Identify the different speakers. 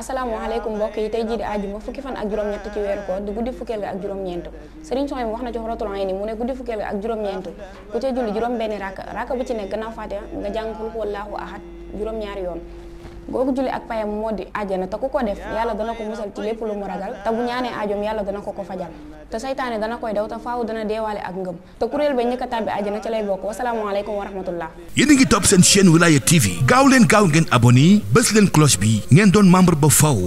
Speaker 1: asalaamaaleykum mbokk yi tey jii di àjjuma fukki fan ak juróom-ñett ci weeru koor di guddi fukkeel ga ak juróom-ñeent sëriñ Soxna bi wax na ci xorotul ayni mu ne guddi fukkeel ga ak juróom-ñeent ku ca julli juróom benni ràkk ràkk bu ci nekk gannaaw Faatiha nga jàng xul wallaahu ahad juróom-ñaari yoon googu julli ak payam moo di àjjana te ku ko def yàlla dana ko musal ci lépp lu mu ragal te bu ñaanee aajoom yàlla dana ko ko fajal te saytaane dana koy daw te faaw dana deewaale ak ngëm te kuréel ba njëkk a tàbbi àjjana ci lay bokk wasalaamaaleykum wa rahmatullah
Speaker 2: yéen a ngi topp seen chaîne Wilaya TV gaaw leen gaaw ngeen abonné bés leen cloche bi ngeen doon membre
Speaker 3: ba faw